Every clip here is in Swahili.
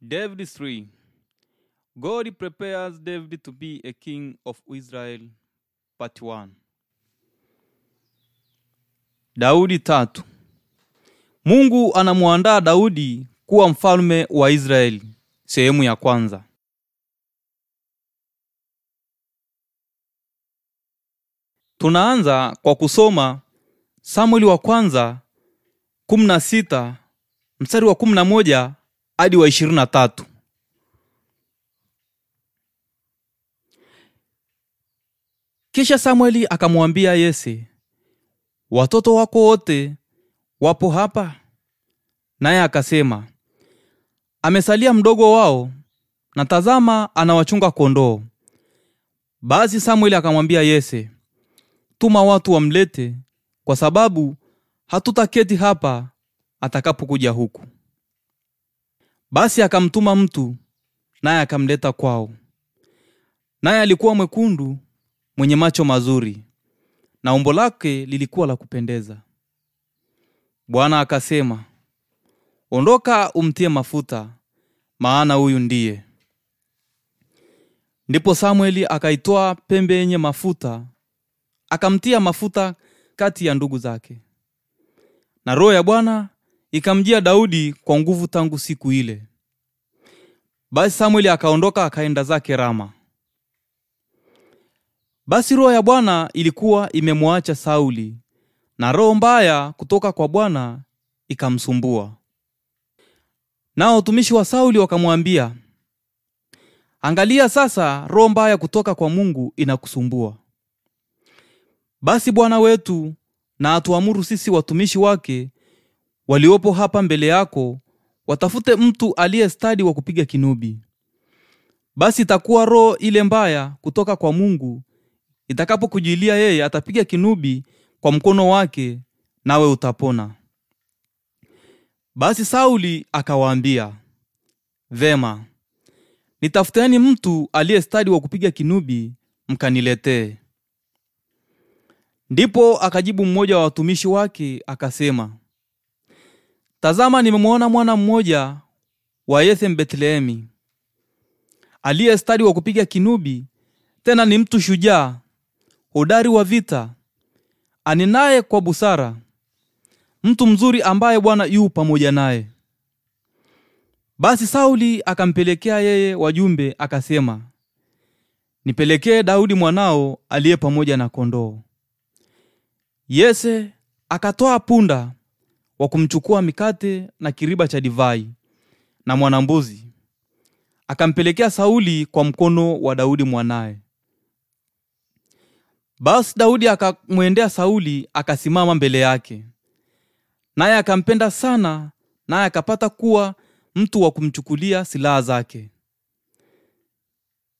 David 3 God prepares David to be a king of Israel, part 1. Daudi 3 Mungu anamwandaa Daudi kuwa mfalme wa Israeli, sehemu ya kwanza. Tunaanza kwa kusoma Samueli wa kwanza 16 mstari wa 11 hadi wa ishirini na tatu. Kisha Samueli akamwambia Yese, watoto wako wote wapo hapa? Naye akasema, amesalia mdogo wao, na tazama, anawachunga kondoo. Basi Samueli akamwambia Yese, tuma watu wamlete, kwa sababu hatutaketi hapa atakapokuja huku. Basi akamtuma mtu, naye akamleta kwao. Naye alikuwa mwekundu, mwenye macho mazuri, na umbo lake lilikuwa la kupendeza. Bwana akasema, Ondoka umtie mafuta, maana huyu ndiye. Ndipo Samueli akaitoa pembe yenye mafuta, akamtia mafuta kati ya ndugu zake, na Roho ya Bwana ikamjia Daudi kwa nguvu tangu siku ile. Basi Samueli akaondoka akaenda zake Rama. Basi roho ya Bwana ilikuwa imemwacha Sauli, na roho mbaya kutoka kwa Bwana ikamsumbua. Nao watumishi wa Sauli wakamwambia, angalia sasa, roho mbaya kutoka kwa Mungu inakusumbua. Basi Bwana wetu na atuamuru sisi watumishi wake waliopo hapa mbele yako watafute mtu aliye stadi wa kupiga kinubi. Basi itakuwa roho ile mbaya kutoka kwa Mungu itakapokujilia yeye, atapiga kinubi kwa mkono wake, nawe utapona. Basi Sauli akawaambia, vema, nitafuteni mtu aliye stadi wa kupiga kinubi, mkaniletee. Ndipo akajibu mmoja wa watumishi wake akasema, Tazama, nimemwona mwana mmoja wa Yethem Bethlehemi, aliye stadi wa kupiga kinubi, tena ni mtu shujaa, hodari wa vita, aninaye kwa busara, mtu mzuri ambaye Bwana yu pamoja naye. Basi Sauli akampelekea yeye wajumbe, akasema, nipelekee Daudi mwanao aliye pamoja na kondoo. Yese akatoa punda wa kumchukua mikate na kiriba cha divai na mwanambuzi akampelekea Sauli kwa mkono wa Daudi mwanaye. Basi Daudi akamwendea Sauli, akasimama mbele yake, naye akampenda sana, naye akapata kuwa mtu wa kumchukulia silaha zake.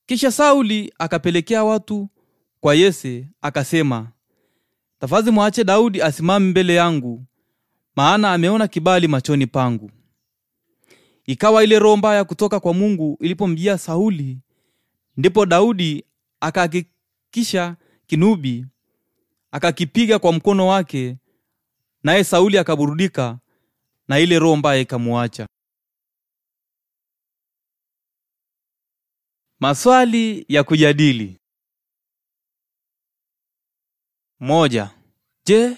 Kisha Sauli akapelekea watu kwa Yese, akasema, tafazi mwache Daudi asimame mbele yangu, maana ameona kibali machoni pangu. Ikawa ile roho mbaya kutoka kwa Mungu ilipomjia Sauli, ndipo Daudi akahakikisha kinubi, akakipiga kwa mkono wake, naye Sauli akaburudika na ile roho mbaya ikamuacha. Maswali ya kujadili: moja. Je,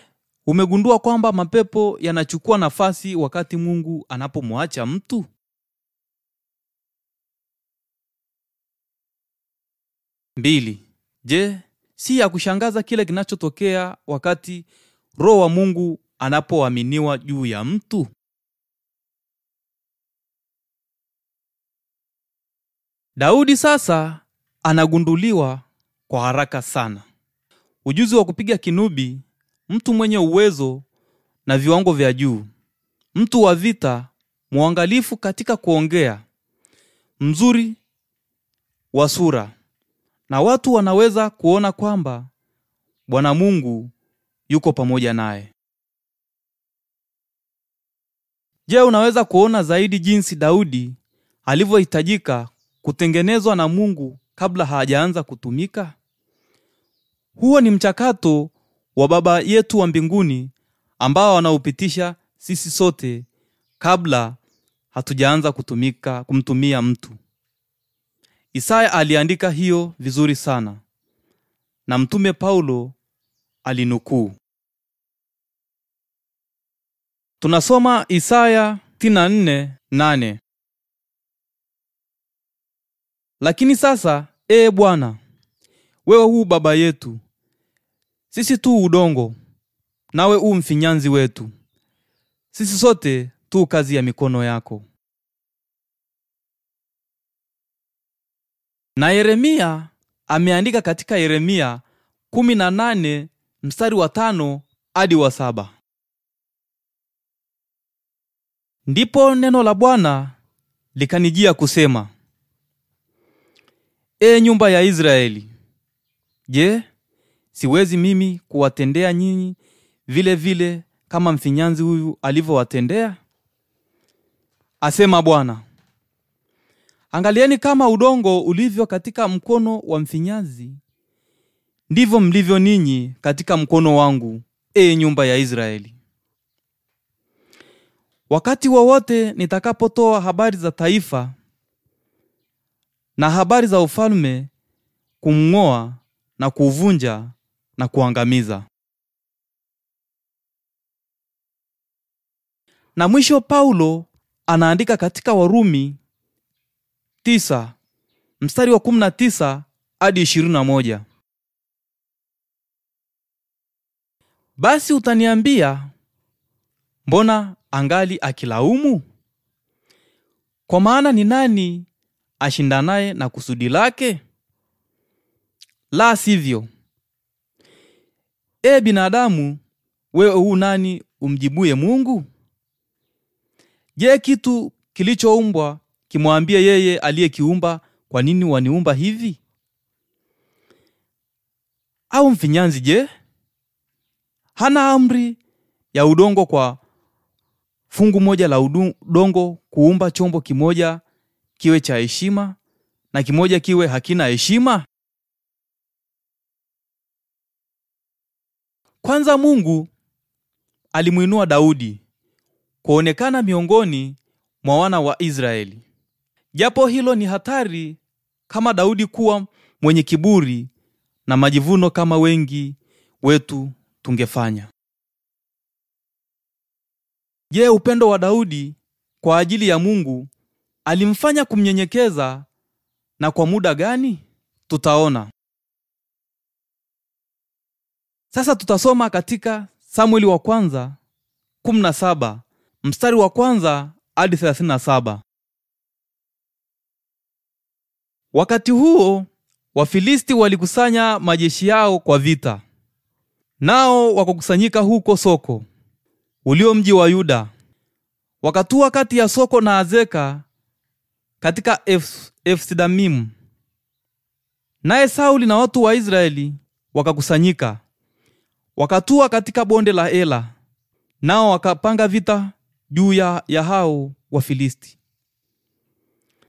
Umegundua kwamba mapepo yanachukua nafasi wakati Mungu anapomwacha mtu? Mbili. Je, si ya kushangaza kile kinachotokea wakati Roho wa Mungu anapoaminiwa juu ya mtu? Daudi sasa anagunduliwa kwa haraka sana. Ujuzi wa kupiga kinubi mtu mwenye uwezo na viwango vya juu, mtu wa vita, mwangalifu katika kuongea, mzuri wa sura, na watu wanaweza kuona kwamba Bwana Mungu yuko pamoja naye. Je, unaweza kuona zaidi jinsi Daudi alivyohitajika kutengenezwa na Mungu kabla hajaanza kutumika? Huo ni mchakato wa Baba yetu wa mbinguni ambao wanaupitisha sisi sote kabla hatujaanza kutumika kumtumia mtu. Isaya aliandika hiyo vizuri sana na mtume Paulo alinukuu. Tunasoma Isaya 64:8. Lakini sasa, ee Bwana, wewe huu baba yetu sisi tu udongo, nawe u mfinyanzi wetu, sisi sote tu kazi ya mikono yako. Na Yeremia ameandika katika Yeremia 18 mstari wa tano hadi wa saba. Ndipo neno la Bwana likanijia kusema, E nyumba ya Israeli, je, siwezi mimi kuwatendea nyinyi vile vile kama mfinyanzi huyu alivyowatendea? Asema Bwana. Angalieni kama udongo ulivyo katika mkono wa mfinyanzi, ndivyo mlivyo ninyi katika mkono wangu, ee nyumba ya Israeli. Wakati wowote wa nitakapotoa habari za taifa na habari za ufalme kumng'oa na kuuvunja na kuangamiza. Na mwisho Paulo anaandika katika Warumi tisa mstari wa kumi na tisa hadi ishirini na moja Basi utaniambia, mbona angali akilaumu? Kwa maana ni nani ashindanaye na kusudi lake? La sivyo, E binadamu, wewe huu nani umjibuye Mungu? Je, kitu kilichoumbwa kimwambie yeye aliyekiumba, kwa nini waniumba hivi? Au mfinyanzi je, hana amri ya udongo kwa fungu moja la udongo kuumba chombo kimoja kiwe cha heshima na kimoja kiwe hakina heshima? Kwanza Mungu alimwinua Daudi kuonekana miongoni mwa wana wa Israeli. Japo hilo ni hatari kama Daudi kuwa mwenye kiburi na majivuno kama wengi wetu tungefanya. Je, upendo wa Daudi kwa ajili ya Mungu alimfanya kumnyenyekeza na kwa muda gani? Tutaona. Sasa tutasoma katika Samueli wa kwanza 17 mstari wa kwanza hadi 37. Wakati huo Wafilisti walikusanya majeshi yao kwa vita, nao wakakusanyika huko Soko ulio mji wa Yuda, wakatua kati ya Soko na Azeka katika Efsidamimu. Naye Sauli na watu wa Israeli wakakusanyika Wakatua katika bonde la Ela, nao wakapanga vita juu ya, ya hao Wafilisti.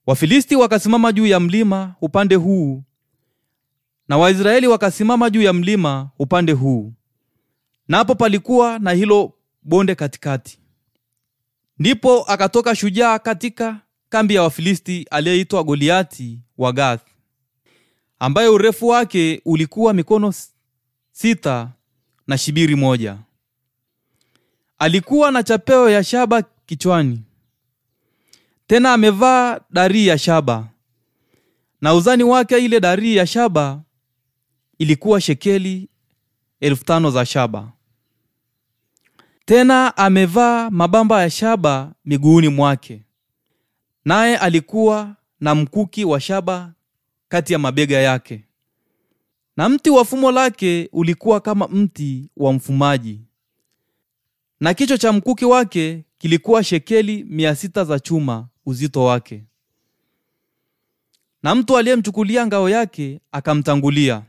Wafilisti wakasimama juu ya mlima upande huu na Waisraeli wakasimama juu ya mlima upande huu, napo palikuwa na hilo bonde katikati. Ndipo akatoka shujaa katika kambi ya Wafilisti aliyeitwa Goliati wa Gath, ambaye urefu wake ulikuwa mikono sita na shibiri moja. Alikuwa na chapeo ya shaba kichwani, tena amevaa darii ya shaba, na uzani wake ile darii ya shaba ilikuwa shekeli elfu tano za shaba. Tena amevaa mabamba ya shaba miguuni mwake, naye alikuwa na mkuki wa shaba kati ya mabega yake na mti wa fumo lake ulikuwa kama mti wa mfumaji, na kichwa cha mkuki wake kilikuwa shekeli mia sita za chuma uzito wake. Na mtu aliyemchukulia ngao yake akamtangulia,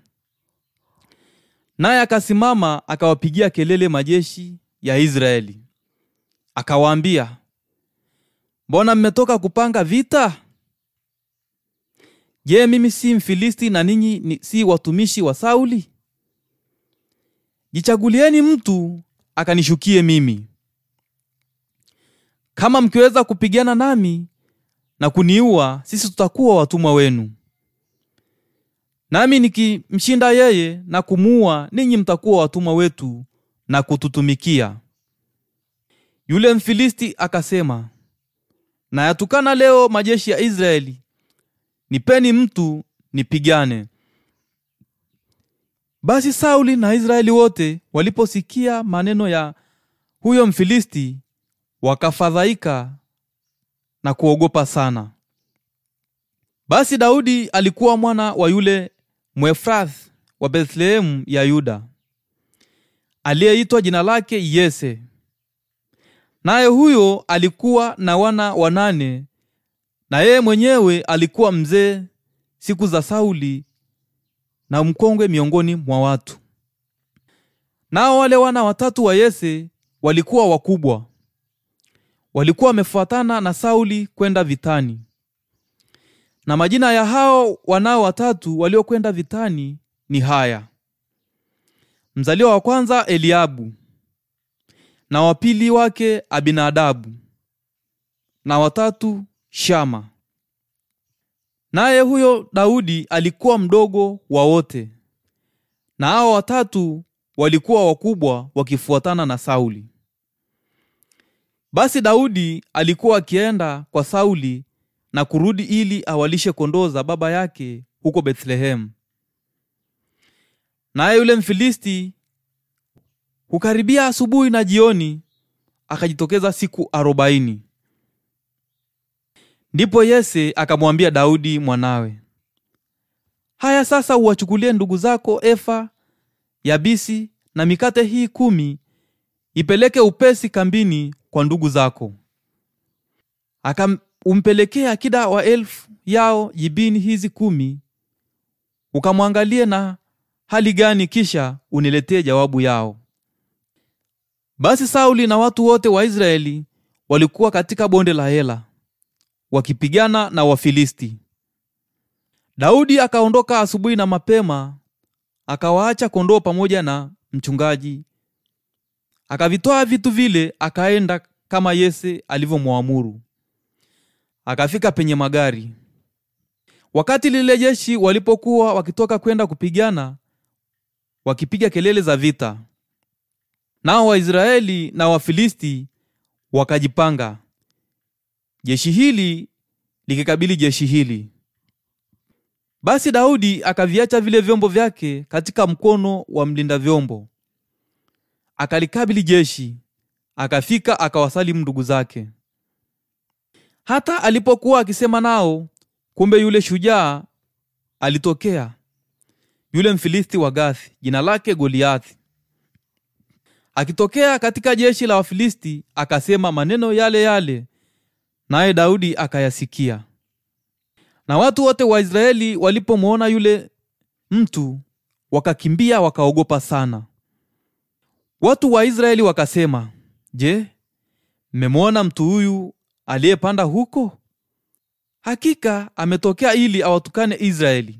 naye akasimama akawapigia kelele majeshi ya Israeli, akawaambia, mbona mmetoka kupanga vita? Je, mimi si Mfilisti na ninyi ni si watumishi wa Sauli? Jichagulieni mtu akanishukie mimi, kama mkiweza kupigana nami na kuniua, sisi tutakuwa watumwa wenu. Nami nikimshinda yeye na kumuua, ninyi mtakuwa watumwa wetu na kututumikia. Yule Mfilisti akasema, nayatukana leo majeshi ya Israeli nipeni mtu nipigane. Basi Sauli na Israeli wote waliposikia maneno ya huyo Mfilisti wakafadhaika na kuogopa sana. Basi Daudi alikuwa mwana wa yule Mwefrath wa Bethlehemu ya Yuda aliyeitwa jina lake Yese, naye huyo alikuwa na wana wanane na yeye mwenyewe alikuwa mzee siku za Sauli na mkongwe miongoni mwa watu. Nao wale wana watatu wa Yese walikuwa wakubwa, walikuwa wamefuatana na Sauli kwenda vitani. Na majina ya hao wanao watatu waliokwenda vitani ni haya: mzaliwa wa kwanza Eliabu, na wapili wake Abinadabu, na watatu Shama. Naye huyo Daudi alikuwa mdogo wa wote, na hao watatu walikuwa wakubwa wakifuatana na Sauli. Basi Daudi alikuwa akienda kwa Sauli na kurudi ili awalishe kondoo za baba yake huko Bethlehemu. Naye yule Mfilisti hukaribia asubuhi na jioni, akajitokeza siku arobaini. Ndipo Yese akamwambia Daudi mwanawe, haya sasa, uwachukulie ndugu zako efa yabisi na mikate hii kumi, ipeleke upesi kambini kwa ndugu zako. Akampelekea akida wa elfu yao jibini hizi kumi, ukamwangalie na hali gani, kisha uniletee jawabu yao. Basi Sauli na watu wote wa Israeli walikuwa katika bonde la Hela wakipigana na Wafilisti. Daudi akaondoka asubuhi na mapema, akawaacha kondoo pamoja na mchungaji, akavitoa vitu vile, akaenda kama Yese alivyomwamuru. Akafika penye magari. Wakati lile jeshi walipokuwa wakitoka kwenda kupigana, wakipiga kelele za vita, nao Waisraeli na Wafilisti wakajipanga jeshi hili likikabili jeshi hili. Basi Daudi akaviacha vile vyombo vyake katika mkono wa mlinda vyombo, akalikabili jeshi, akafika akawasalimu ndugu zake. Hata alipokuwa akisema nao, kumbe yule shujaa alitokea, yule Mfilisti wa Gathi, jina lake Goliathi, akitokea katika jeshi la Wafilisti, akasema maneno yale yale naye Daudi akayasikia. Na watu wote wa Israeli walipomwona yule mtu wakakimbia, wakaogopa sana. Watu wa Israeli wakasema, Je, mmemwona mtu huyu aliyepanda huko? Hakika ametokea ili awatukane Israeli.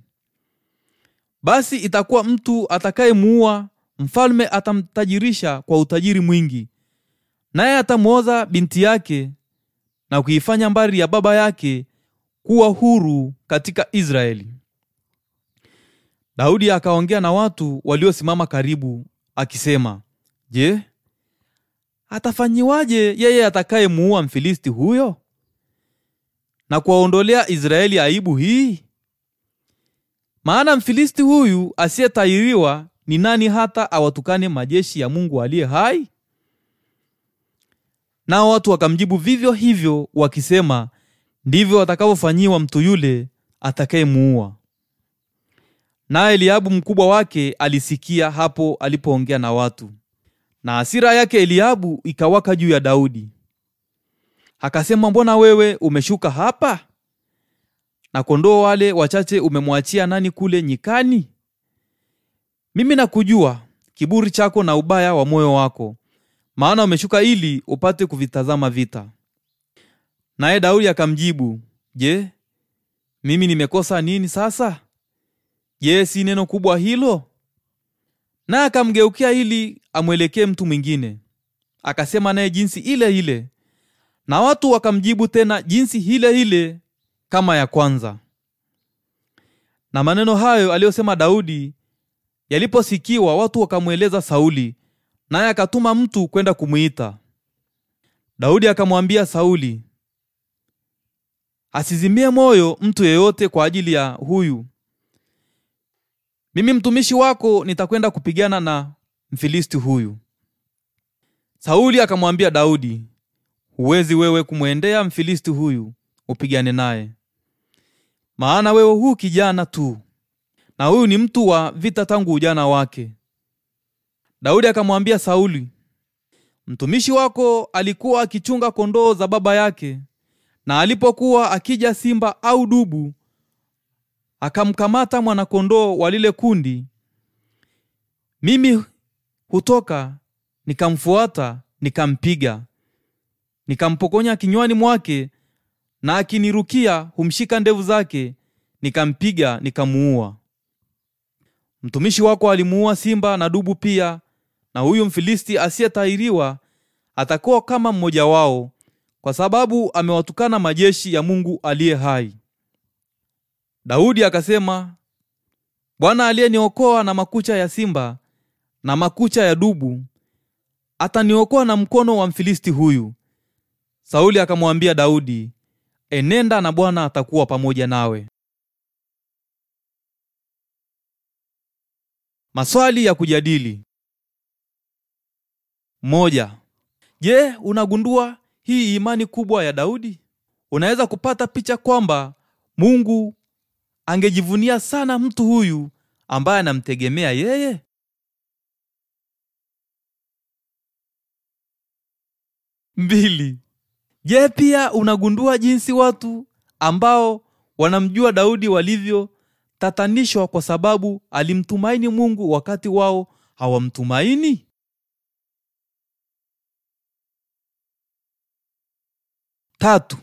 Basi itakuwa mtu atakayemuua mfalme atamtajirisha kwa utajiri mwingi, naye atamwoza binti yake na kuifanya mbari ya baba yake kuwa huru katika Israeli. Daudi akaongea na watu waliosimama karibu akisema, Je, atafanyiwaje yeye atakayemuua Mfilisti huyo na kuwaondolea Israeli aibu hii? Maana Mfilisti huyu asiyetahiriwa ni nani hata awatukane majeshi ya Mungu aliye hai? Nao watu wakamjibu vivyo hivyo wakisema, ndivyo atakavyofanyiwa mtu yule atakayemuua. Naye Eliabu mkubwa wake alisikia hapo alipoongea na watu, na asira yake Eliabu ikawaka juu ya Daudi. Akasema, mbona wewe umeshuka hapa, na kondoo wale wachache umemwachia nani kule nyikani? Mimi nakujua kiburi chako na ubaya wa moyo wako, maana umeshuka ili upate kuvitazama vita. Naye Daudi akamjibu, Je, mimi nimekosa nini sasa? Je, si neno kubwa hilo? Naye akamgeukia ili amwelekee mtu mwingine, akasema naye jinsi ile ile, na watu wakamjibu tena jinsi ile ile kama ya kwanza. Na maneno hayo aliyosema Daudi yaliposikiwa, watu wakamweleza Sauli naye akatuma mtu kwenda kumwita. Daudi akamwambia Sauli, asizimie moyo mtu yeyote kwa ajili ya huyu. Mimi mtumishi wako nitakwenda kupigana na Mfilisti huyu. Sauli akamwambia Daudi, huwezi wewe kumwendea Mfilisti huyu upigane naye, maana wewe huu kijana tu, na huyu ni mtu wa vita tangu ujana wake. Daudi akamwambia Sauli, mtumishi wako alikuwa akichunga kondoo za baba yake, na alipokuwa akija simba au dubu, akamkamata mwanakondoo wa lile kundi, mimi hutoka nikamfuata, nikampiga, nikampokonya kinywani mwake, na akinirukia humshika ndevu zake, nikampiga, nikamuua. Mtumishi wako alimuua simba na dubu pia na huyu Mfilisti asiyetahiriwa atakuwa kama mmoja wao, kwa sababu amewatukana majeshi ya Mungu aliye hai. Daudi akasema, Bwana aliyeniokoa na makucha ya simba na makucha ya dubu ataniokoa na mkono wa Mfilisti huyu. Sauli akamwambia Daudi, enenda na Bwana atakuwa pamoja nawe. Maswali ya kujadili moja. Je, unagundua hii imani kubwa ya Daudi? Unaweza kupata picha kwamba Mungu angejivunia sana mtu huyu ambaye anamtegemea yeye. Mbili. Je, pia unagundua jinsi watu ambao wanamjua Daudi walivyotatanishwa kwa sababu alimtumaini Mungu wakati wao hawamtumaini? Tatu,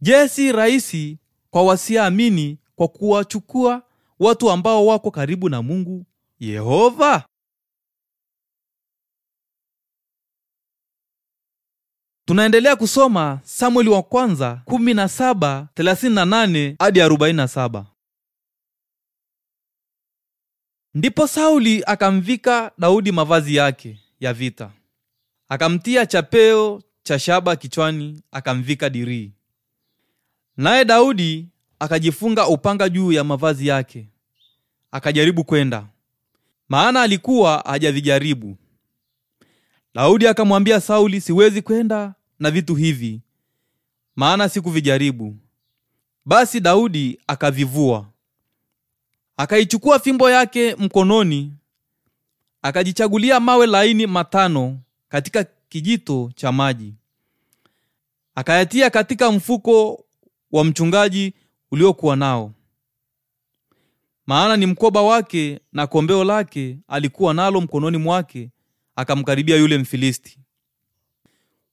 jesi rahisi kwa wasiamini kwa kuwachukua watu ambao wako karibu na Mungu Yehova. Tunaendelea kusoma Samueli wa kwanza 17 38 hadi 47. Ndipo Sauli akamvika Daudi mavazi yake ya vita, akamtia chapeo cha shaba kichwani, akamvika dirii. Naye Daudi akajifunga upanga juu ya mavazi yake, akajaribu kwenda, maana alikuwa hajavijaribu. Daudi akamwambia Sauli, siwezi kwenda na vitu hivi, maana sikuvijaribu. Basi Daudi akavivua, akaichukua fimbo yake mkononi, akajichagulia mawe laini matano katika kijito cha maji, akayatia katika mfuko wa mchungaji uliokuwa nao, maana ni mkoba wake, na kombeo lake alikuwa nalo mkononi mwake. Akamkaribia yule Mfilisti.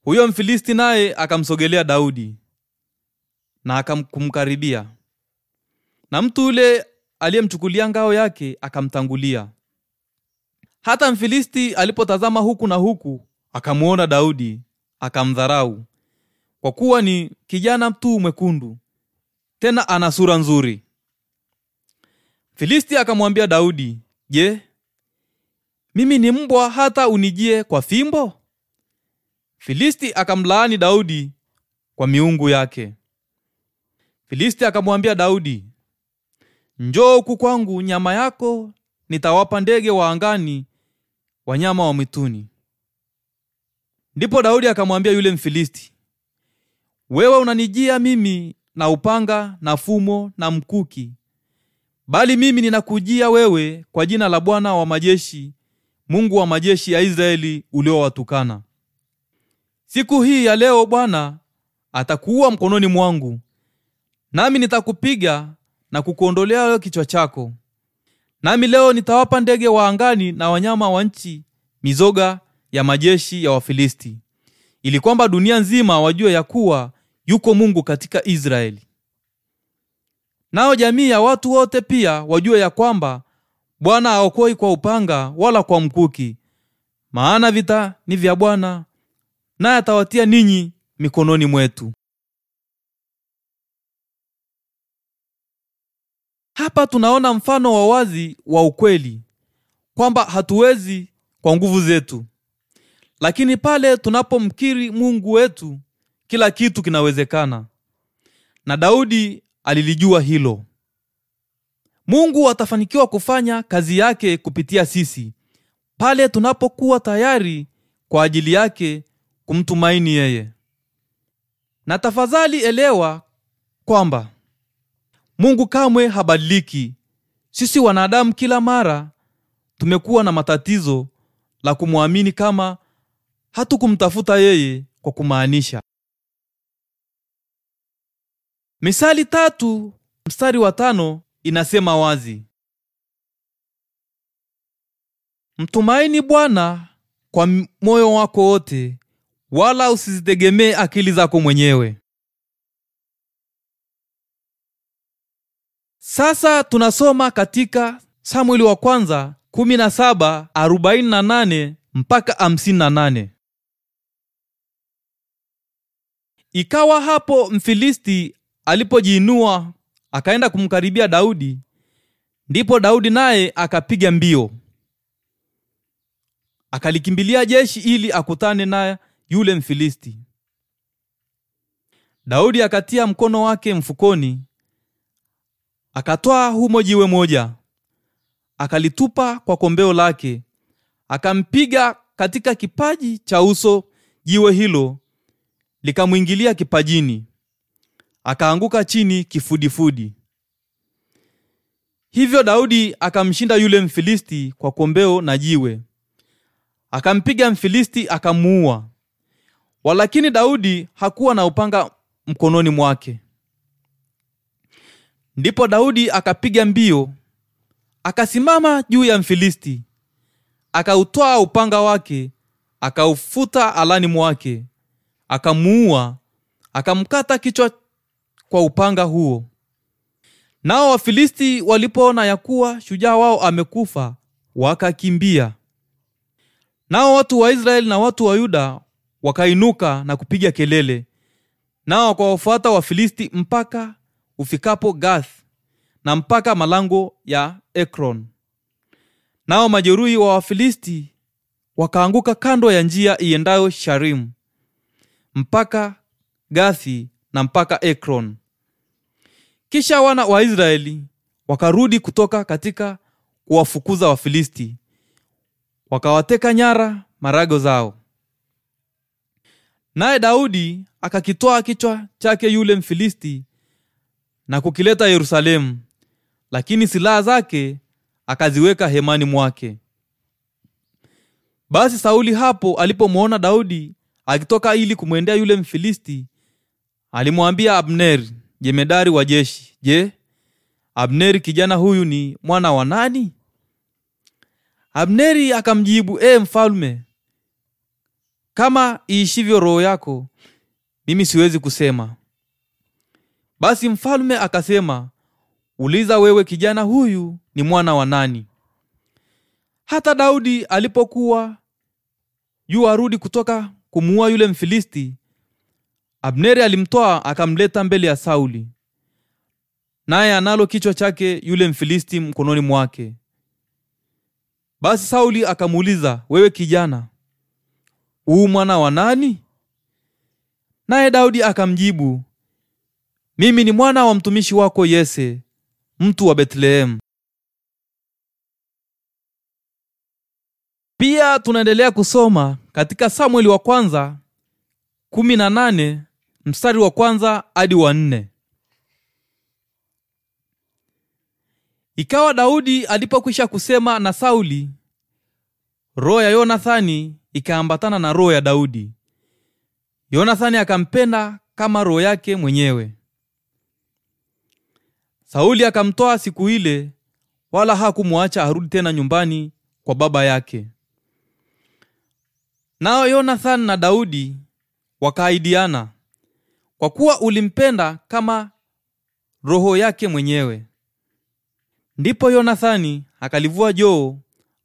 Huyo Mfilisti naye akamsogelea Daudi na akamkumkaribia, na mtu yule aliyemchukulia ngao yake akamtangulia. Hata Mfilisti alipotazama huku na huku, akamwona Daudi akamdharau, kwa kuwa ni kijana mtu mwekundu, tena ana sura nzuri. Filisti akamwambia Daudi, je, mimi ni mbwa hata unijie kwa fimbo? Filisti akamlaani Daudi kwa miungu yake. Filisti akamwambia Daudi, njoo huku kwangu, nyama yako nitawapa ndege wa angani, wanyama wa mwituni. Ndipo Daudi akamwambia yule Mfilisti, wewe unanijia mimi na upanga na fumo na mkuki, bali mimi ninakujia wewe kwa jina la Bwana wa majeshi, Mungu wa majeshi ya Israeli uliowatukana. Siku hii ya leo Bwana atakuua mkononi mwangu, nami nitakupiga na kukuondolea wewe kichwa chako. Nami leo nitawapa ndege wa angani na wanyama wa nchi mizoga ya majeshi ya Wafilisti, ili kwamba dunia nzima wajue ya kuwa yuko Mungu katika Israeli, nao jamii ya watu wote pia wajue ya kwamba Bwana haokoi kwa upanga wala kwa mkuki, maana vita ni vya Bwana, naye atawatia ninyi mikononi mwetu. Hapa tunaona mfano wa wazi wa ukweli kwamba hatuwezi kwa nguvu zetu lakini pale tunapomkiri Mungu wetu, kila kitu kinawezekana, na Daudi alilijua hilo. Mungu atafanikiwa kufanya kazi yake kupitia sisi pale tunapokuwa tayari kwa ajili yake kumtumaini yeye. Na tafadhali elewa kwamba Mungu kamwe habadiliki. Sisi wanadamu kila mara tumekuwa na matatizo la kumwamini kama hatukumtafuta yeye kwa kumaanisha. Misali tatu mstari wa tano inasema wazi, mtumaini Bwana kwa moyo wako wote, wala usizitegemee akili zako mwenyewe. Sasa tunasoma katika Samueli wa kwanza 17:48 mpaka 58. Ikawa hapo Mfilisti alipojiinua akaenda kumkaribia Daudi, ndipo Daudi naye akapiga mbio akalikimbilia jeshi ili akutane na yule Mfilisti. Daudi akatia mkono wake mfukoni, akatwaa humo jiwe moja, akalitupa kwa kombeo lake, akampiga katika kipaji cha uso jiwe hilo likamwingilia kipajini, akaanguka chini kifudifudi. Hivyo Daudi akamshinda yule Mfilisti kwa kombeo na jiwe, akampiga Mfilisti akamuua. Walakini Daudi hakuwa na upanga mkononi mwake. Ndipo Daudi akapiga mbio, akasimama juu ya Mfilisti, akautwaa upanga wake, akaufuta alani mwake, akamuua, akamkata kichwa kwa upanga huo. Nao Wafilisti walipoona ya kuwa shujaa wao amekufa, wakakimbia. Nao watu wa Israeli na watu wa Yuda wakainuka na kupiga kelele, nao wakawafuata Wafilisti mpaka ufikapo Gath na mpaka malango ya Ekron. Nao majeruhi wa Wafilisti wakaanguka kando ya njia iendayo Sharimu mpaka Gathi na mpaka Ekron. Kisha wana wa Israeli wakarudi kutoka katika kuwafukuza Wafilisti, wakawateka nyara marago zao. Naye Daudi akakitoa kichwa chake yule Mfilisti na kukileta Yerusalemu, lakini silaha zake akaziweka hemani mwake. Basi Sauli hapo alipomwona Daudi Akitoka ili kumwendea yule Mfilisti, alimwambia Abneri, jemedari wa jeshi, "Je, Abneri kijana huyu ni mwana wa nani?" Abneri akamjibu, "E mfalme, kama iishivyo roho yako, mimi siwezi kusema." Basi mfalme akasema, "Uliza wewe kijana huyu ni mwana wa nani?" Hata Daudi alipokuwa yu arudi kutoka kumuua yule Mfilisti, Abneri alimtoa akamleta mbele ya Sauli, naye analo kichwa chake yule Mfilisti mkononi mwake. Basi Sauli akamuuliza, wewe kijana, huu mwana wa nani? Naye Daudi akamjibu, mimi ni mwana wa mtumishi wako Yese, mtu wa Betlehemu. Pia tunaendelea kusoma katika Samueli wa kwanza 18 mstari wa kwanza hadi wa nne. Ikawa Daudi alipokwisha kusema na Sauli, roho ya Yonathani ikaambatana na roho ya Daudi. Yonathani akampenda kama roho yake mwenyewe. Sauli akamtoa siku ile, wala hakumwacha arudi tena nyumbani kwa baba yake. Nao Yonathani na Daudi wakaaidiana kwa kuwa ulimpenda kama roho yake mwenyewe. Ndipo Yonathani akalivua joo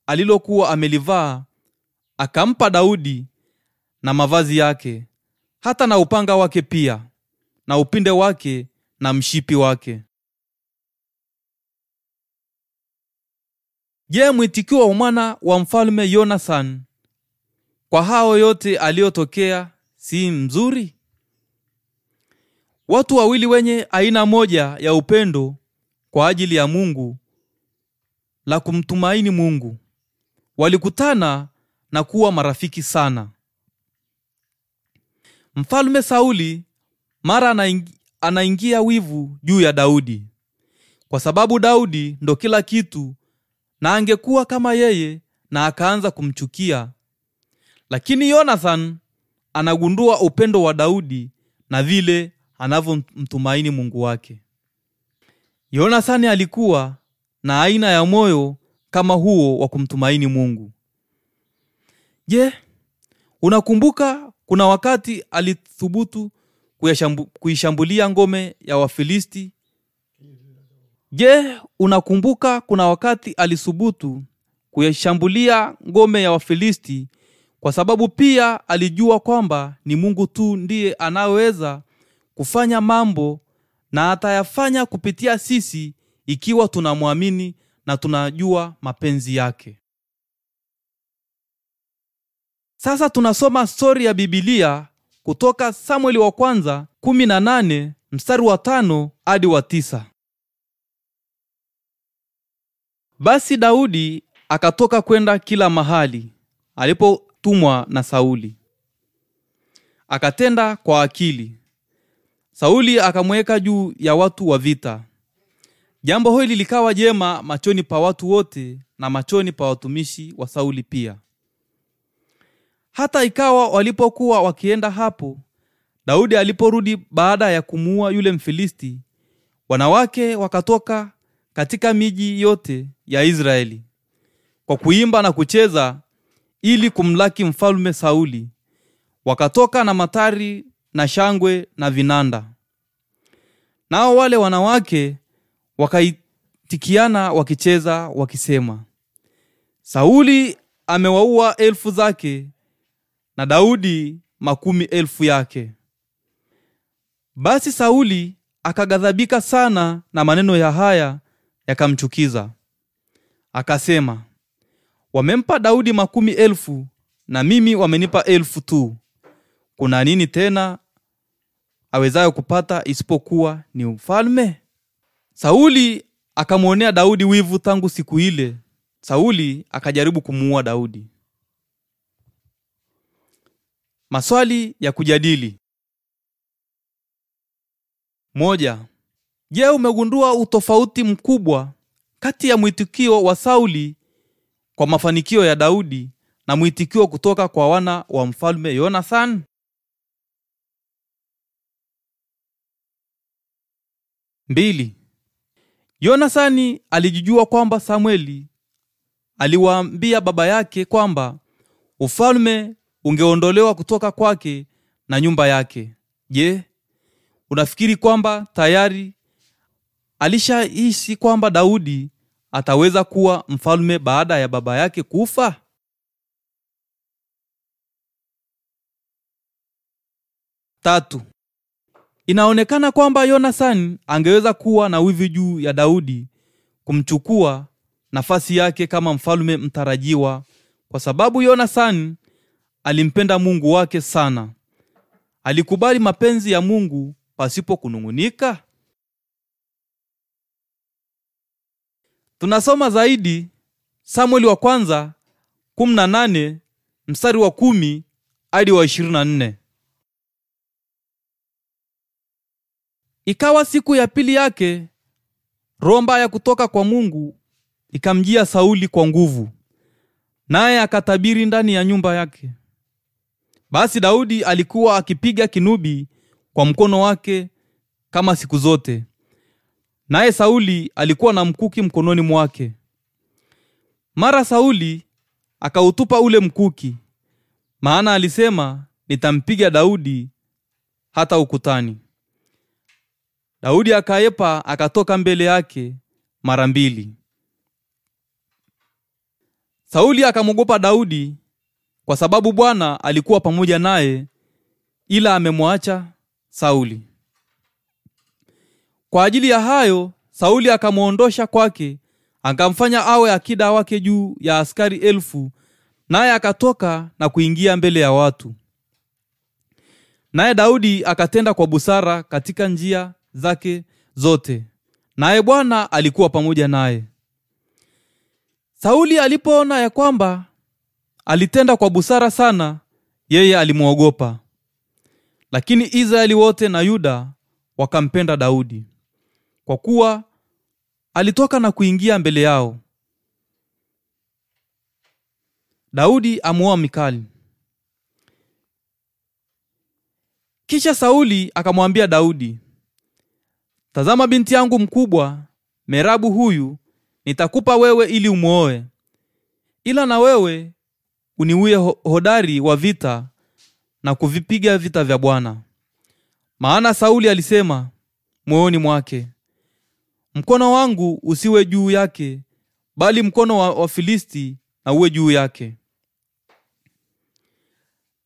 alilokuwa amelivaa, akampa Daudi na mavazi yake, hata na upanga wake pia, na upinde wake na mshipi wake. Je, mwitikio wa mwana wa mfalme Yonathani kwa hao yote aliyotokea si mzuri? Watu wawili wenye aina moja ya upendo kwa ajili ya Mungu la kumtumaini Mungu walikutana na kuwa marafiki sana. Mfalme Sauli mara anaingia wivu juu ya Daudi kwa sababu Daudi ndo kila kitu na angekuwa kama yeye, na akaanza kumchukia lakini Yonathan anagundua upendo wa Daudi na vile anavyomtumaini Mungu wake. Yonathani alikuwa na aina ya moyo kama huo wa kumtumaini Mungu. Je, unakumbuka kuna wakati alithubutu kuishambulia ngome ya Wafilisti? Je, unakumbuka kuna wakati alithubutu kuishambulia ngome ya Wafilisti kwa sababu pia alijua kwamba ni Mungu tu ndiye anaweza kufanya mambo na atayafanya kupitia sisi ikiwa tunamwamini na tunajua mapenzi yake. Sasa tunasoma stori ya Bibilia kutoka Samueli wa kwanza 18 mstari wa tano hadi wa tisa. Basi Daudi akatoka kwenda kila mahali alipo aliyotumwa na Sauli. Akatenda kwa akili. Sauli akamweka juu ya watu wa vita. Jambo hili likawa jema machoni pa watu wote na machoni pa watumishi wa Sauli pia. Hata ikawa walipokuwa wakienda hapo, Daudi aliporudi baada ya kumuua yule Mfilisti, wanawake wakatoka katika miji yote ya Israeli kwa kuimba na kucheza ili kumlaki mfalme Sauli. Wakatoka na matari na shangwe na vinanda. Nao wale wanawake wakaitikiana wakicheza wakisema, Sauli amewaua elfu zake na Daudi makumi elfu yake. Basi Sauli akaghadhabika sana na maneno ya haya yakamchukiza. Akasema, Wamempa Daudi makumi elfu na mimi wamenipa elfu tu. Kuna nini tena awezayo kupata isipokuwa ni ufalme? Sauli akamwonea Daudi wivu tangu siku ile. Sauli akajaribu kumuua Daudi. Maswali ya kujadili. Moja. Je, umegundua utofauti mkubwa kati ya mwitikio wa Sauli kwa mafanikio ya Daudi na mwitikio kutoka kwa wana wa mfalme Yonathan? Mbili. Yonathani alijijua kwamba Samueli aliwaambia baba yake kwamba ufalme ungeondolewa kutoka kwake na nyumba yake. Je, unafikiri kwamba tayari alishahisi kwamba Daudi ataweza kuwa mfalme baada ya baba yake kufa? Tatu, inaonekana kwamba Yonathan angeweza kuwa na wivu juu ya Daudi kumchukua nafasi yake kama mfalme mtarajiwa, kwa sababu Yonathan alimpenda Mungu wake sana. Alikubali mapenzi ya Mungu pasipo kunung'unika. Tunasoma zaidi Samueli wa kwanza 18 mstari wa kumi hadi wa ishirini na nne. Ikawa siku ya pili yake, roho mbaya kutoka kwa Mungu ikamjia Sauli kwa nguvu, naye akatabiri ndani ya nyumba yake. Basi Daudi alikuwa akipiga kinubi kwa mkono wake kama siku zote naye Sauli alikuwa na mkuki mkononi mwake. Mara Sauli akautupa ule mkuki, maana alisema, nitampiga Daudi hata ukutani. Daudi akaepa, akatoka mbele yake mara mbili. Sauli akamwogopa Daudi kwa sababu Bwana alikuwa pamoja naye, ila amemwacha Sauli. Kwa ajili ya hayo Sauli akamwondosha kwake, akamfanya awe akida wake juu ya askari elfu, naye akatoka na kuingia mbele ya watu. Naye Daudi akatenda kwa busara katika njia zake zote, naye Bwana alikuwa pamoja naye. Sauli alipoona ya kwamba alitenda kwa busara sana, yeye alimwogopa. Lakini Israeli wote na Yuda wakampenda Daudi kwa kuwa alitoka na kuingia mbele yao. Daudi amuoa Mikali. Kisha Sauli akamwambia Daudi, tazama, binti yangu mkubwa Merabu huyu nitakupa wewe ili umwoe, ila na wewe uniwie hodari wa vita na kuvipiga vita vya Bwana. Maana Sauli alisema moyoni mwake, mkono wangu usiwe juu yake, bali mkono wa Wafilisti na uwe juu yake.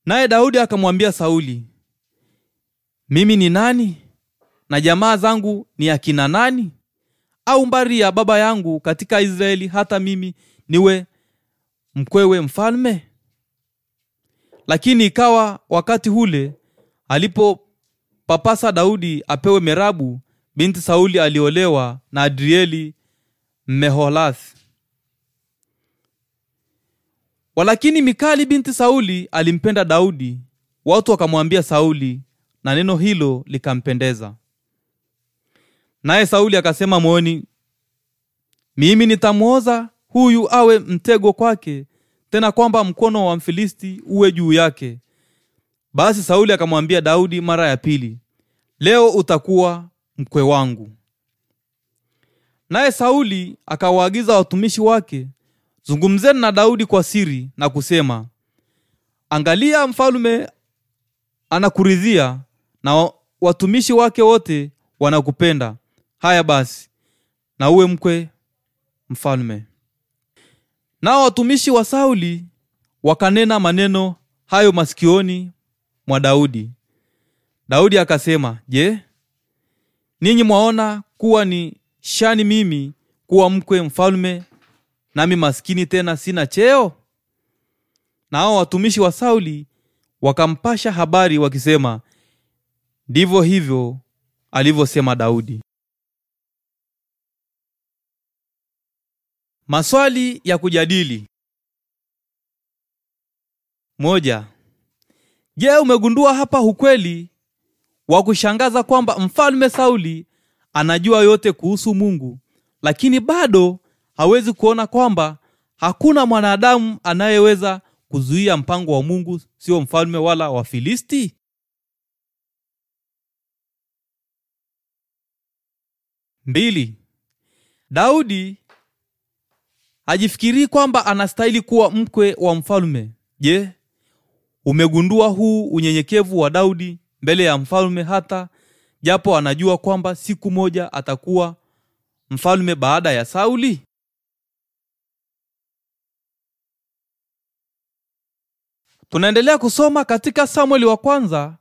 Naye Daudi akamwambia Sauli, mimi ni nani na jamaa zangu ni akina nani, au mbari ya baba yangu katika Israeli, hata mimi niwe mkwewe mfalme? Lakini ikawa wakati ule alipopapasa Daudi apewe Merabu Binti Sauli aliolewa na Adrieli meholath Walakini Mikali binti Sauli alimpenda Daudi, watu wakamwambia Sauli, na neno hilo likampendeza. Naye Sauli akasema moyoni, mimi nitamwoza huyu awe mtego kwake, tena kwamba mkono wa Mfilisti uwe juu yake. Basi Sauli akamwambia Daudi mara ya pili, leo utakuwa mkwe wangu. Naye Sauli akawaagiza watumishi wake, zungumzeni na Daudi kwa siri na kusema, angalia, mfalme anakuridhia na watumishi wake wote wanakupenda. Haya basi, na uwe mkwe mfalme. Nao watumishi wa Sauli wakanena maneno hayo masikioni mwa Daudi. Daudi akasema, Je, Ninyi mwaona kuwa ni shani mimi kuwa mkwe mfalme, nami maskini tena sina cheo? nao watumishi wa Sauli wakampasha habari wakisema, ndivyo hivyo alivyosema Daudi. Maswali ya kujadili. Moja. Je, umegundua hapa ukweli wa kushangaza kwamba mfalme Sauli anajua yote kuhusu Mungu, lakini bado hawezi kuona kwamba hakuna mwanadamu anayeweza kuzuia mpango wa Mungu, sio mfalme wala Wafilisti. Mbili, Daudi hajifikirii kwamba anastahili kuwa mkwe wa mfalme. Je, umegundua huu unyenyekevu wa Daudi mbele ya mfalme, hata japo anajua kwamba siku moja atakuwa mfalme baada ya Sauli? Tunaendelea kusoma katika Samueli wa kwanza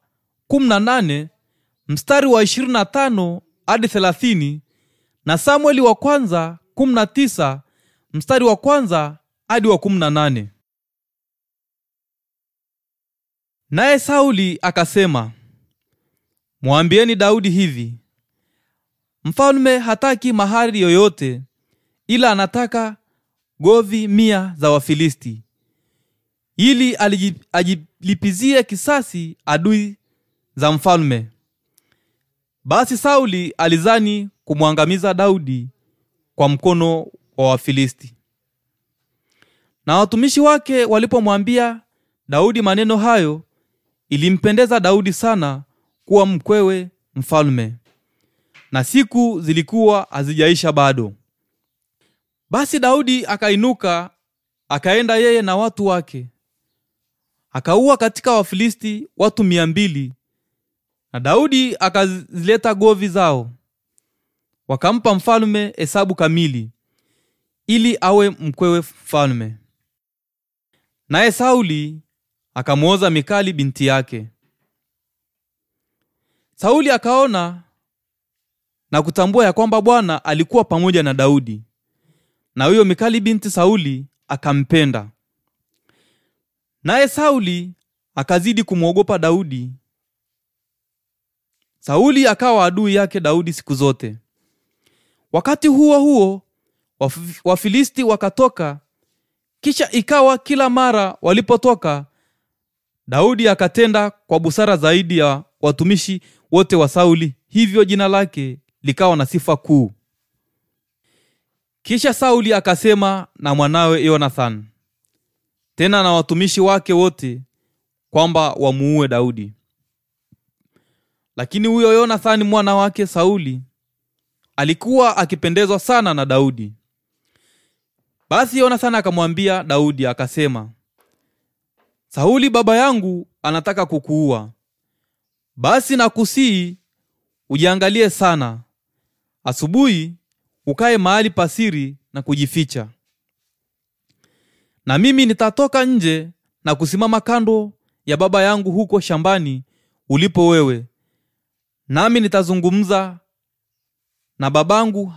18 mstari wa 25 hadi 30 na Samueli wa kwanza 19 mstari wa kwanza hadi wa 18. Naye Sauli akasema Mwambieni Daudi hivi, mfalme hataki mahari yoyote, ila anataka govi mia za Wafilisti ili ajilipizie kisasi adui za mfalme. Basi Sauli alizani kumwangamiza Daudi kwa mkono wa Wafilisti. Na watumishi wake walipomwambia Daudi maneno hayo, ilimpendeza Daudi sana kuwa mkwewe mfalme, na siku zilikuwa hazijaisha bado. Basi Daudi akainuka akaenda yeye na watu wake, akaua katika Wafilisti watu mia mbili, na Daudi akazileta govi zao, wakampa mfalme hesabu kamili, ili awe mkwewe mfalme. Naye Sauli akamwoza Mikali binti yake. Sauli akaona na kutambua ya kwamba Bwana alikuwa pamoja na Daudi, na huyo Mikali binti Sauli akampenda. Naye Sauli akazidi kumwogopa Daudi. Sauli akawa adui yake Daudi siku zote. Wakati huo huo Wafilisti wakatoka, kisha ikawa kila mara walipotoka Daudi akatenda kwa busara zaidi ya watumishi wote wa Sauli, hivyo jina lake likawa na sifa kuu. Kisha Sauli akasema na mwanawe yonathan tena na watumishi wake wote kwamba wamuue Daudi. Lakini huyo Yonathani mwana wake Sauli alikuwa akipendezwa sana na Daudi. Basi Yonathani akamwambia Daudi akasema, Sauli baba yangu anataka kukuua. Basi nakusihi ujiangalie sana, asubuhi ukae mahali pasiri na kujificha, na mimi nitatoka nje na kusimama kando ya baba yangu huko shambani ulipo wewe, nami nitazungumza na babangu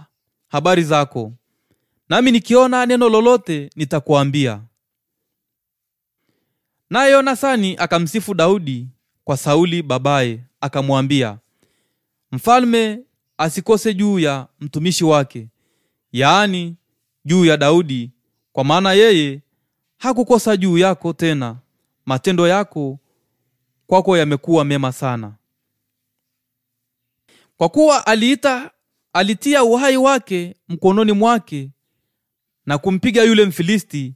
habari zako, nami nikiona neno lolote nitakuambia. Naye Yonathani akamsifu Daudi kwa Sauli babaye, akamwambia, mfalme asikose juu ya mtumishi wake, yaani juu ya Daudi, kwa maana yeye hakukosa juu yako tena. Matendo yako kwako yamekuwa mema sana, kwa kuwa aliita alitia uhai wake mkononi mwake na kumpiga yule Mfilisti,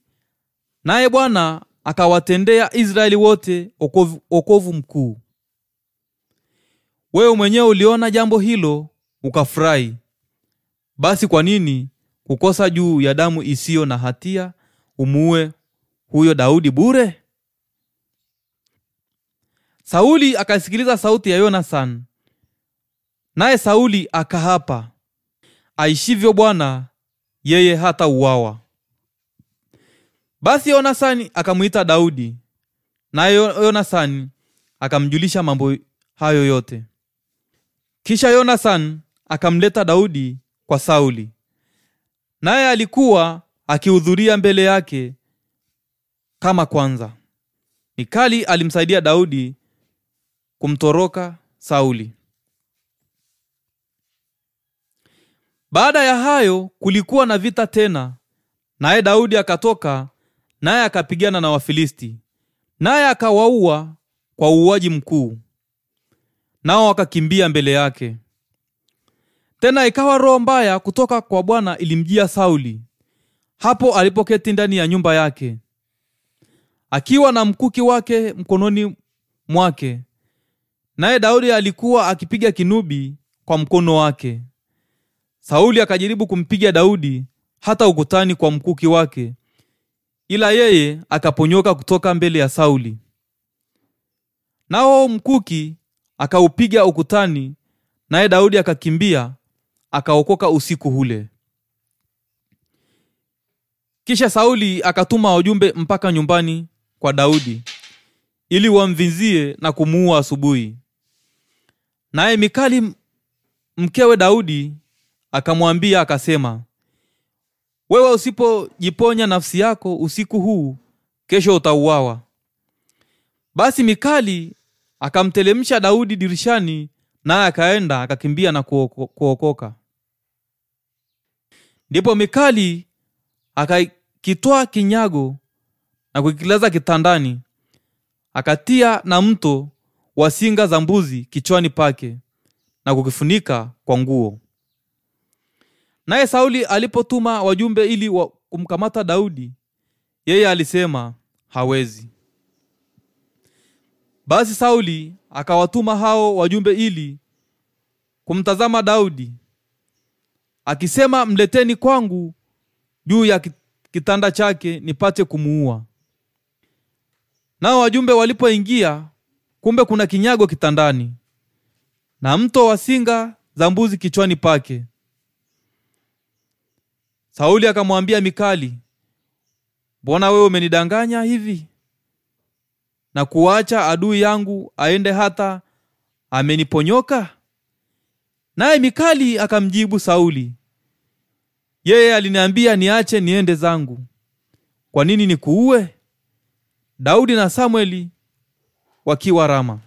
naye Bwana akawatendea Israeli wote okovu, okovu mkuu. Wewe mwenyewe uliona jambo hilo ukafurahi. Basi kwa nini kukosa juu ya damu isiyo na hatia umuue huyo Daudi bure? Sauli akasikiliza sauti ya yonathan naye Sauli akahapa, aishivyo Bwana, yeye hata uwawa. Basi Yonasani akamwita Daudi, naye Yonasani akamjulisha mambo hayo yote. Kisha Yonasani akamleta Daudi kwa Sauli, naye alikuwa akihudhuria mbele yake kama kwanza. Mikali alimsaidia Daudi kumtoroka Sauli. Baada ya hayo kulikuwa na vita tena, naye Daudi akatoka naye akapigana na Wafilisti, naye akawaua kwa uuaji mkuu, nao wakakimbia mbele yake. Tena ikawa roho mbaya kutoka kwa Bwana ilimjia Sauli hapo alipoketi ndani ya nyumba yake, akiwa na mkuki wake mkononi mwake, naye Daudi alikuwa akipiga kinubi kwa mkono wake. Sauli akajaribu kumpiga Daudi hata ukutani kwa mkuki wake, ila yeye akaponyoka kutoka mbele ya Sauli. Nao mkuki akaupiga ukutani, naye Daudi akakimbia akaokoka usiku ule. Kisha Sauli akatuma wajumbe mpaka nyumbani kwa Daudi ili wamvinzie na kumuua asubuhi. Naye Mikali mkewe Daudi akamwambia akasema, wewe usipojiponya nafsi yako usiku huu, kesho utauawa. Basi Mikali akamtelemsha Daudi dirishani, naye akaenda akakimbia na kuokoka. Ndipo Mikali akakitwa kinyago na kukilaza kitandani, akatia na mto wa singa za mbuzi kichwani pake na kukifunika kwa nguo. Naye Sauli alipotuma wajumbe ili wa kumkamata Daudi, yeye alisema hawezi. Basi Sauli akawatuma hao wajumbe ili kumtazama Daudi, akisema, mleteni kwangu juu ya kitanda chake nipate kumuua. Nao wajumbe walipoingia, kumbe kuna kinyago kitandani na mto wa singa za mbuzi kichwani pake. Sauli akamwambia Mikali, mbona wewe umenidanganya hivi na kuacha adui yangu aende hata ameniponyoka? Naye Mikali akamjibu Sauli, yeye aliniambia niache niende zangu. Kwa nini nikuue? Daudi na Samueli wakiwa Rama.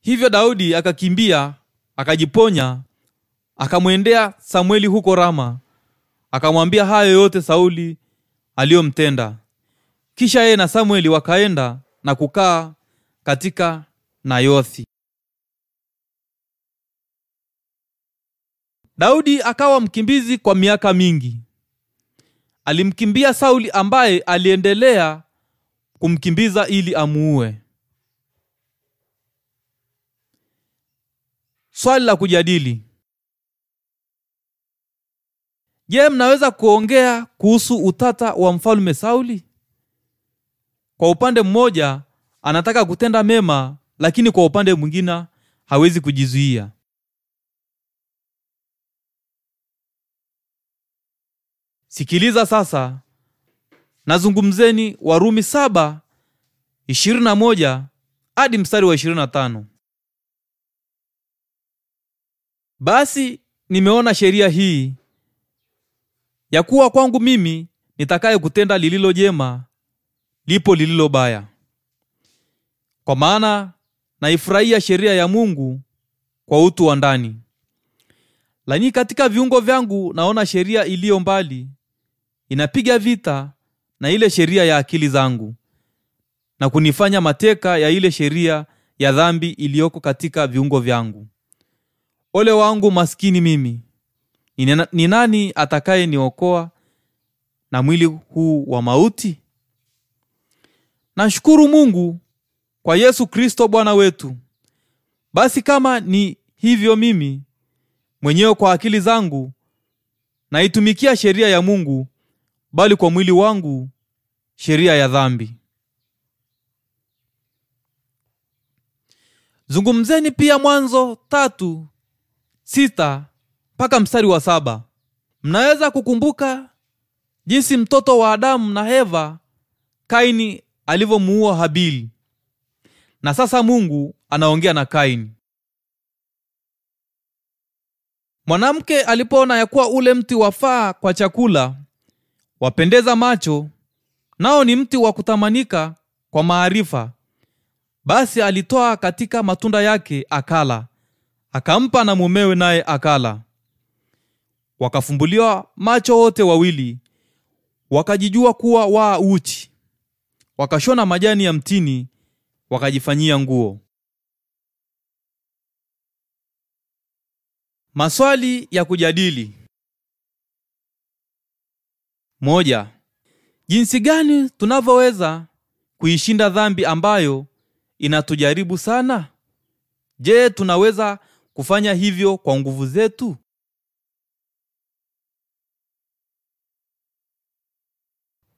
Hivyo Daudi akakimbia akajiponya Akamwendea Samueli huko Rama, akamwambia hayo yote Sauli aliyomtenda. Kisha yeye na Samueli wakaenda na kukaa katika Nayothi. Daudi akawa mkimbizi kwa miaka mingi. Alimkimbia Sauli ambaye aliendelea kumkimbiza ili amuue. Swali la kujadili. Je, mnaweza kuongea kuhusu utata wa mfalme Sauli? Kwa upande mmoja anataka kutenda mema, lakini kwa upande mwingine hawezi kujizuia. Sikiliza sasa, nazungumzeni Warumi saba ishirini na moja hadi mstari wa ishirini tano. Basi nimeona sheria hii ya kuwa kwangu mimi nitakaye kutenda lililo jema lipo lililo baya, kwa maana naifurahia sheria ya Mungu kwa utu wa ndani, lakini katika viungo vyangu naona sheria iliyo mbali inapiga vita na ile sheria ya akili zangu na kunifanya mateka ya ile sheria ya dhambi iliyoko katika viungo vyangu. Ole wangu maskini mimi! Ni nani atakaye niokoa na mwili huu wa mauti? Nashukuru Mungu kwa Yesu Kristo Bwana wetu. Basi kama ni hivyo, mimi mwenyewe kwa akili zangu naitumikia sheria ya Mungu, bali kwa mwili wangu sheria ya dhambi. Zungumzeni pia Mwanzo tatu sita mpaka mstari wa saba. Mnaweza kukumbuka jinsi mtoto wa Adamu na eva Kaini alivyomuua Habili. Na sasa Mungu anaongea na Kaini. Mwanamke alipoona ya kuwa ule mti wafaa kwa chakula, wapendeza macho, nao ni mti wa kutamanika kwa maarifa, basi alitoa katika matunda yake akala, akampa na mumewe, naye akala. Wakafumbuliwa macho wote wawili, wakajijua kuwa wa uchi, wakashona majani ya mtini wakajifanyia nguo. Maswali ya kujadili. Moja. Jinsi gani tunavyoweza kuishinda dhambi ambayo inatujaribu sana? Je, tunaweza kufanya hivyo kwa nguvu zetu?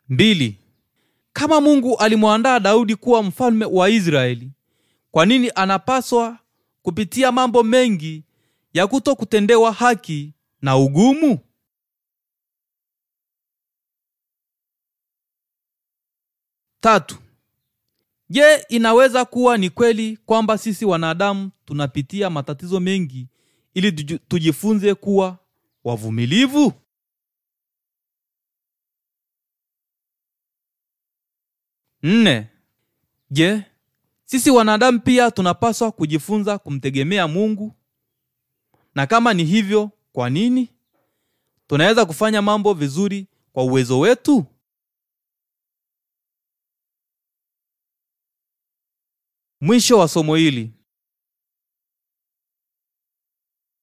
Mbili, kama Mungu alimwandaa Daudi kuwa mfalme wa Israeli, kwa nini anapaswa kupitia mambo mengi ya kuto kutendewa haki na ugumu? Tatu, je, inaweza kuwa ni kweli kwamba sisi wanadamu tunapitia matatizo mengi ili tujifunze kuwa wavumilivu? Nne. Je, sisi wanadamu pia tunapaswa kujifunza kumtegemea Mungu? Na kama ni hivyo, kwa nini tunaweza kufanya mambo vizuri kwa uwezo wetu? Mwisho wa somo hili.